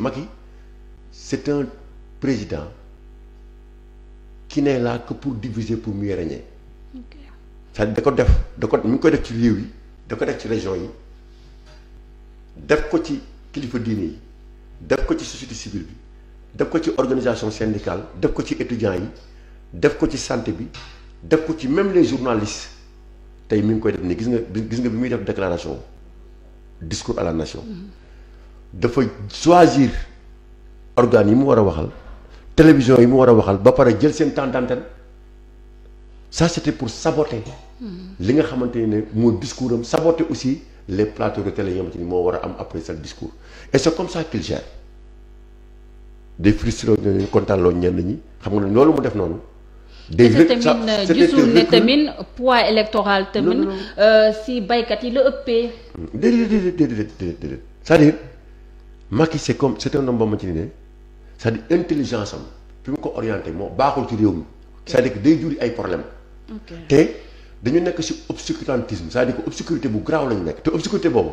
mag yi c'est un président qui n'est là que pour diviser pour mieux régner. cest à da ko def da ko mi ngi koy def ci réew yi da ko def ci région yi def ko ci kilifa diine def ko ci société civile bi def ko ci organisation syndicale def ko ci étudiants yi def ko ci santé bi def ko ci même les journalistes tey mu ngi koy def nii gis nga gis nga bi muy def déclaration discours à la nation. Mm-hmm. dafa choisir organes yi mu war a waxal télévision yi mu war a waxal ba pare jël seen temps d'antenne ça pour saboter li nga xamante ne moo discours am saboter aussi les plateaux de télé yi nga moo war a am après sa discours et c'est comme ça qu'il gère day frustré ñooñu kontaan ñenn ñi xam nga loolu mu def noonu. day rek sa te gisul ne tamit poids électoral tamit. Euh, si baykat yi la ëppee. déedéet déedéet déedéet déedéet c'est-à-dire. Macky c'est comme c'est un homme ci ni ne c'est-à-dire intelligence am fi mu ko orienté moo baaxul ci réew mi c'est-à-dire que day juri ay problème te dañu nekk si obscurantisme c'est-à-dire que bu garaaw lañu nekk te obscurité boobu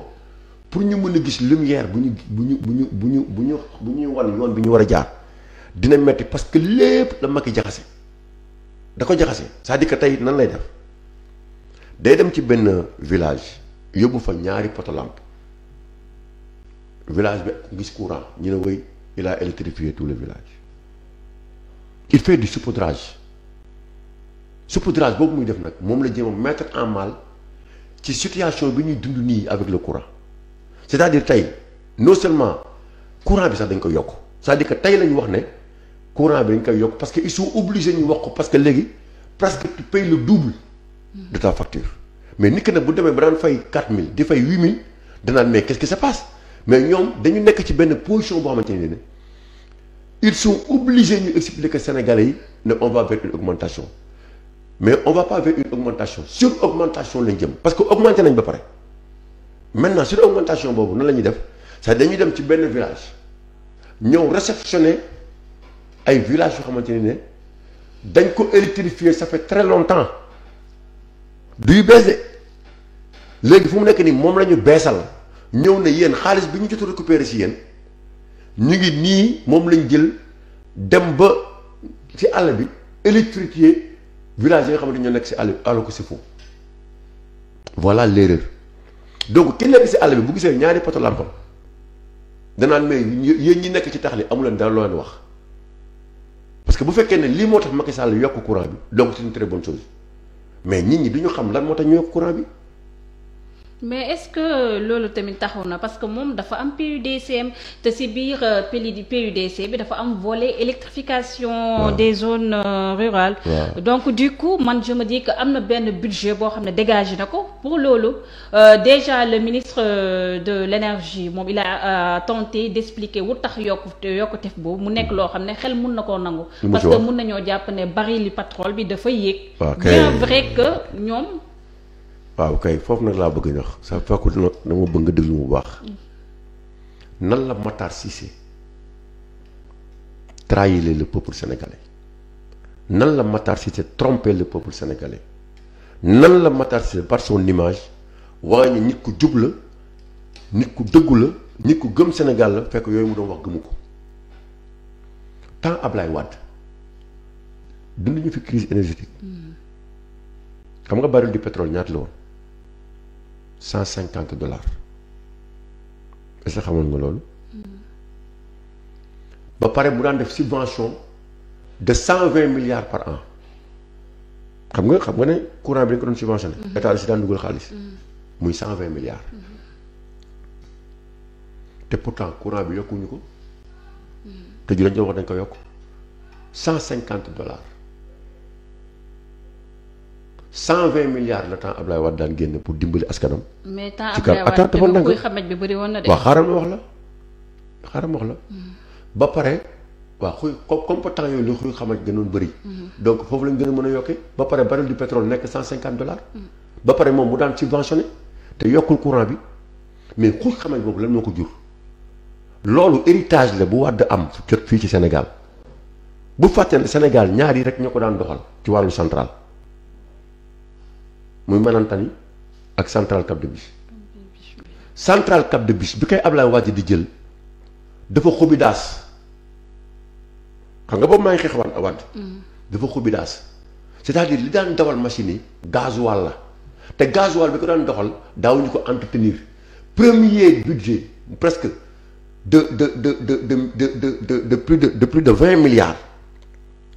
pour ñu mën a gis lumière bu ñu bu ñu bu ñu bu ñu bu ñu bu ñuy wan yoon bu ñu war a jaar dina metti parce que lépp la Macky jaxase da ko jaxase c'est-à-dire que tey nan lay def day dem ci benn village yóbbu fa ñaari poto lampe village bi gis courant ñu ne wéy il a électrifié tout le village il fait du saupoudrage saupoudrage boobu muy def nag moom la jéem a en mal ci situation bi ñuy dund nii avec le courant c'est-à-dire tey non seulement courant bi sax dañ ko yokk c'est-à-dire que tey la ñu wax ne courant bi dañ koy yokk parce que ils sont obligés ñu wax ko parce que léegi presque tu payes le double de ta facture mais nit nag bu demee ba daan fay 4000 di fay 8000 danaan mais qu'est-ce qui se passe mais ñoom dañu nekk ci benn position boo xamante ne ils sont obligés ñu expliquer Sénégalais yi ne on va vers une augmentation mais on va pas vers une augmentation sur augmentation lañ jëm parce que augmenté nañ ba pare maintenant sur augmentation boobu na la ñuy def c'est dañu dem ci benn village ñëw réceptionner ay villages yoo xamante ne dañ ko électrifier ça fait très longtemps duy bees de léegi fu mu nekk nii moom la ñu beesal. ñëw na yéen xaalis bi ñu jot a récupéré si yéen ñu ngi nii moom lañu jël dem ba ci àll bi électrifier village yi xam xamante ñoo nekk si àll bi àll ko si foofu voilà l'erreur donc ki si àll bi bu gisee ñaari poto lampam danaan mais yéen ñi nekk ci tax li amu leen daal wax parce que bu fekkee ne lii moo tax Macky Sall yokk courant bi donc c'est une très bonne mais nit ñi du ñu xam lan moo tax ñu yokk courant bi. mais est-ce que loolu tamit taxaw na parce que moom dafa am PUDCM te ci biir euh, PUDC bi dafa am volet électrification des zones euh, rurales donc du coup man je me am na benn budget boo xam ne dégagé na ko pour loolu euh, déjà le ministre de l'énergie moom il a tenté d'expliquer wu tax yokku yokkutef boobu mu nekk loo xam ne xel mun na koo nangu parce que mun nañoo jàpp ne baril pétrole bi dafa yéeg bien vrai que ñoom waaw kay foofu nag laa bëgg a ñax sa fekku na na ma bëgg nga déglu mu baax nan la Matar Cissé trahir le peuple sénégalais nan la Matar Cissé tromper le peuple sénégalais nan la Matar Cissé par son image waa nit ku jub la nit ku dëggu la nit ku gëm Sénégal la fekk yooyu mu doon wax gëmu ko tant Ablaye Wade dund ñu fi crise énergétique mm. xam nga baril du pétrole ñaata woon cent cinquante dollars est-ce que xamoon nga loolu. Mm. ba pare mu daan def subvention de cent vingt milliards par an xam nga xam nga ne courant bi dañ ko doon subventionné. Mm. état bi si daan dugal xaalis. Mm. muy cent vingt milliards. Mm-hmm. te pourtant courant bi yokkuñu ko. te ju dañ dañ ko yokk cent cinquante dollars. 120 milliards la temps Ablaye Wade daan génn pour dimbali askanam. mais temps Ablaye Wade te kuy xamaj bi bëri woon na xaaral ma wax la xaaral ma wax la. Hmm. ba pare waaw xuy comme que temps yooyu li xuy xamaj gënoon bëri. Hmm. donc foofu lañ gën a mën a yokkee ba pare baril du pétrole nekk 150 dollars. Hmm. ba pare moom mu daan subventionné te yokkul courant bi mais xuy xamaj boobu lan moo ko jur. loolu héritage la bu Wade am jot fii ci Sénégal bu fàtte ne Sénégal rek ñoo ko daan doxal ci wàllu central. muy Manantali ak central Cap de Biche central Cap de Biche bi koy Ablaye Wade di jël dafa xubi xam nga boobu maa ngi xeex wan Wade mm. dafa xubi daas c'est-à-dire li daan dawal machine yi gasoil la te gasoil bi ko daan doxal daawuñu ko entretenir premier budget presque de de de de de de de de plus de de plus de vingt milliards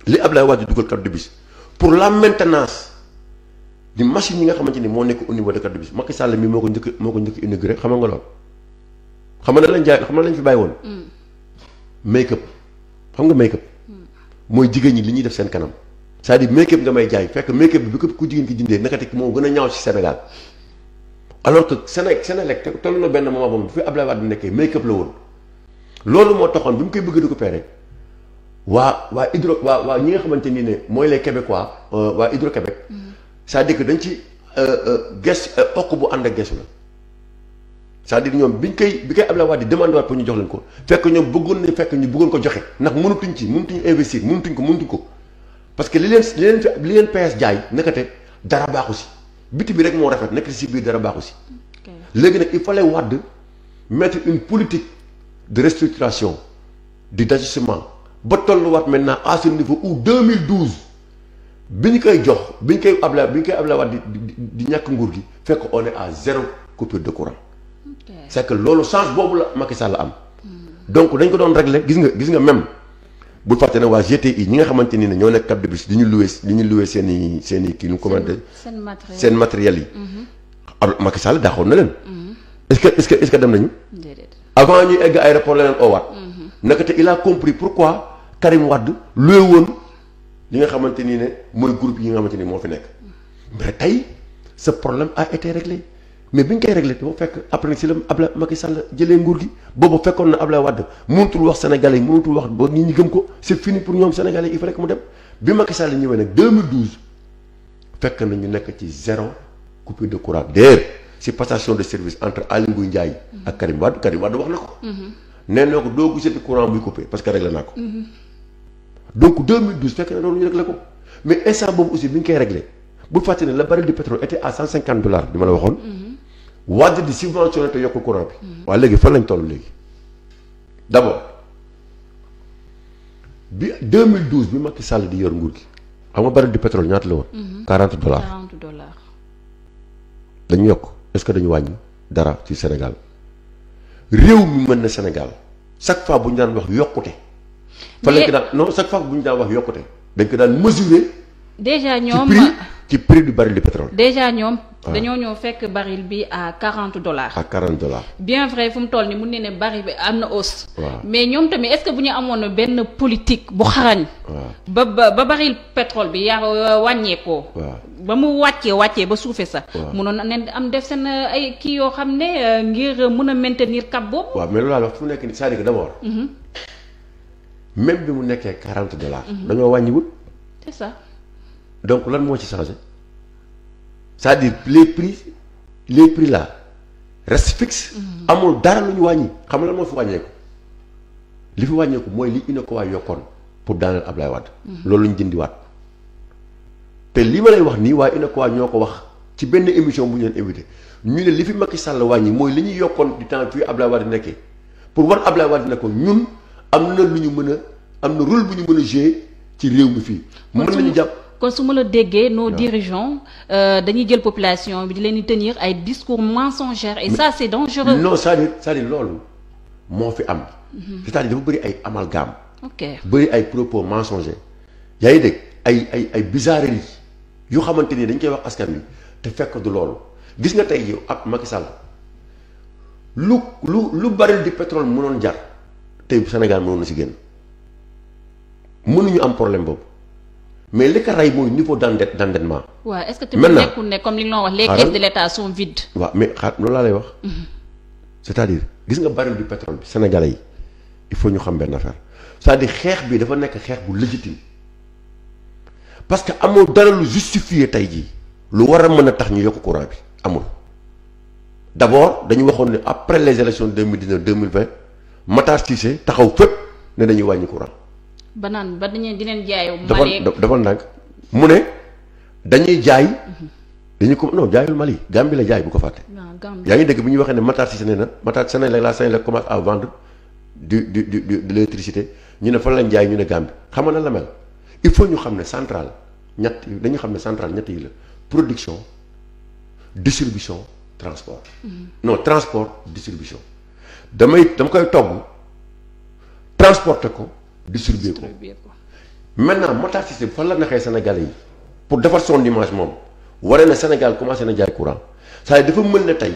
li Ablaye Wade dugal Cap de Biche pour la maintenance di machine yi nga xamante ni moo nekk au niveau de Cate de Bis Macky Sall mi moo ko njëkk moo ko njëkk inauguré xam nga lool xam nga lañ jaay xam nga lañ fi bàyyi woon. Mm. make up xam nga make up mm. mooy jigéen ñi li ñuy def seen kanam c'est-à-dire make up nga may jaay fekk make up bi ko ku jigéen ki jëndee nakati moo gën a ñaaw ci Sénégal alors que Séné Sénélec toll na benn moment boobu fi Abdoulaye Wade nekkee make up la woon loolu moo taxoon bi mu koy bëgg a récupérer waa waa hydro waa waa ñi nga xamante ni ne mooy les Québécois euh, waa Hydro-Québec. Mm. cest à dañ ci euh, euh, ges euh, okk bu ànd ak gesu la sa à dire ñoom biñ koy bi koy la Wade di demandé waat pour ñu jox leen ko fekk ñoom bëggoon nañ fekk ñu bëggoon ko joxe ndax mënutuñ ci mënutuñ investir mënutuñ ko mënutuñ ko parce que li leen li leen li leen PS jaay nakate dara baaxu si biti bi rek moo rafet nekk si biir dara baaxu si léegi nag il fallait Wade mettre une politique de restructuration du d'ajustement ba tolluwaat maintenant à ce niveau où 2012 bi ñu koy jox bi ñu koy Ablaye bi ñu koy Ablaye Wade di di ñàkk nguur gi fekk on est zéro coupure de courant. c' est loolu change boobu la Macky Sall am. Hmm. donc dañ ko doon régler gis nga gis nga même bul fàtte ne waa GTI ñi nga xamante ni ne ñoo nekk Cap de di ñu loué di ñu i i kii nu commandé. seen matériel seen matériel yi. Hmm. ab Macky Sall daaxoon na leen. Hmm. est ce que est ce que est ce que dem nañu. avant ñuy egg aéroport la leen oowaat. naka te il a compris pourquoi Karim Wade loué woon. li nga xamante ni ne mooy groupe yi nga xamante ni moo fi nekk mais tey ce problème a été réglé mais bi ñu koy réglé dafa fekk après nag si la Abdoulaye Macky Sall jëlee nguur gi boobu fekkoon na Abdoulaye Wade mënatul wax sénégalais yi mënatul wax ba nit ñi ko c'est fini pour ñoom sénégalais yi il faut rek mu dem bi Macky Sall ñëwee nag fekk na ñu nekk ci zéro coupure de courant d'ailleurs si passation de service entre Aly Ngouille Ndiaye ak Karim Wade Karim Wade wax na ko mm-hmm. nee donc 2012 fekk na loolu ñu réglé ko mais instant boobu aussi bi ñu koy réglé bu fàtte ne la baril du pétrole était à 150 dollars bi ma la waxoon. Mm-hmm. wàdd di subventionné te yokk courant bi. Mm-hmm. waaw léegi fan lañ toll léegi d' abord bi 2012 bi Macky Sall di yor nguur gi xam nga baril du pétrole ñaata la woon. 40 mm-hmm. dollars 40 dañu yokk est que dañu wàññi dara ci Sénégal réew mi mën na Sénégal chaque fois bu ñu daan wax yokkute. fa lañ ko daan non chaque fois bu ñu daan wax yokkute dañ ko daan mesurer. déjà ñoom ci prix ci prix du baril du pétrole. déjà ñoom. dañoo ñëw fekk baril bi a quarante dollars. à quarante dollars. bien vrai fu mu toll nii mun ne ne baril bi am na hausse. mais ñoom tamit est-ce que bu ñu amoon benn politique bu xarañ. ba ba ba baril pétrole bi yaa euh, wàññeekoo. ba mu wàccee wàccee ba suufee sax. waaw munoon na am def seen euh, ay kii yoo xam ne euh, ngir mun a maintenir cap boobu. waaw mais laa wax fu même bi mu nekkee quarante dollars. Mhm. dañoo wàññi wut. c'est donc lan moo ci changé c'est-à-dire les prix les prix là restent fixes. Mhm. amul dara lu ñu wàññi xam nga moo fi wàññeeku. li fi wàññeeku mooy li UNACOIS yokkoon pour daaneel Ablaye Wade. Mhm. loolu la ñu jëndiwaat. te li ma lay wax nii waa UNACOIS ñoo ko wax ci benn émission bu ñu leen ñu ne li fi Macky Sall wàññi mooy li ñuy yokkoon du temps fii Ablaye Wade nekkee pour war Ablaye Wade ne ko ñun am na lu ñu mën a. am na rôle bu ñu mën a ci réew mi fii. mën nañu jàpp kon su ma la déggee nos dirigeants euh, dañuy jël population bi di leen di tenir ay discours mensongers et ça c'est dangereux. non c'est-à-dire cest loolu moo fi am. Mhm. cest à dafa bëri ay amalgam ok bëri ay propos mensongers. yaa ngi dégg ay ay ay bizarreries yoo xamante ni dañ koy wax askan wi te fekk du loolu gis nga tey yow ab Macky Sall lu lu lu baril di pétrole mënoon jar tey Sénégal mënoon na si génn. mënuñu am problème boobu mais li ko rey mooy niveau d'endette d'endettement. waaw est-ce que tamit nekkul ne comme li nga wax les lay wax. Mhm. cest à gis nga baril du pétrole bi sénégalais yi il faut ñu xam benn affaire cest à xeex bi dafa nekk xeex bu légitime parce que amoo dara lu justifié tey jii lu war a mën a tax ñu yokk courant bi amul d'abord dañu waxoon ne après les élections deux mille dix de deux mille vingt Matar Cissé taxaw fépp ne dañuy wàññi courant. ba naan ba dañu di leen jaayoo. Mali dafa nag mu ne dañuy jaay. dañuy ko non jaayul Mali Gambie la jaay bu ko fàtte. yaa ngi dégg bi ñuy waxee ne Matar Cissé nee na Matar Cissé la la Sénégal commence à vendre du du du de l'électricité ñu ne fan lañ jaay ñu ne Gambie xam nga nan la mel il faut ñu xam ne centrale ñett dañu xam ne centrale ñett yi la production distribution transport. Mm-hmm. non transport distribution. damay dama koy togg transporter ko. distribuer ko maintenant Matar Cissé fan la naxee Sénégalais yi pour defar son image moom waree na Sénégal commencé na jaay courant saa dafa mël na tey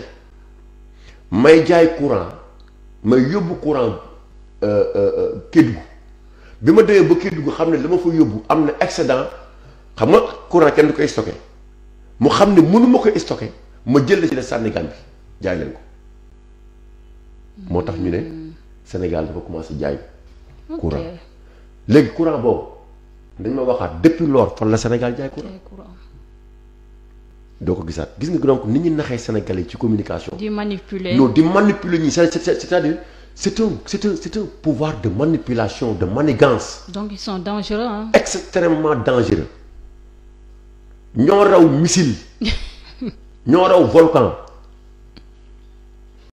may jaay courant may yóbbu courant euh, euh, euh, Kédougou bi ma déwee ba Kédougou xam ne la ma fa yóbbu am na excédent xam nga courant kenn du koy stocké mu xam ne mënu koy ko stocké ma jël la ci la sànni Gàmbi jaay leen ko moo tax ñu ne hmm. Sénégal dafa commencé jaay courant léegi courant boobu dañ ma waxaat depuis lors fan la Sénégal jaay courant. doo ko gisaat gis nga donc nit ñi naxee Sénégalais ci communication. di manipuler non di manipuler ñi c'est c'est-à-dire c'est un c'est un c'est un pouvoir de manipulation de manigance. donc ils sont dangereux hein. extrêmement dangereux ñoo raw missile ñoo raw volcan.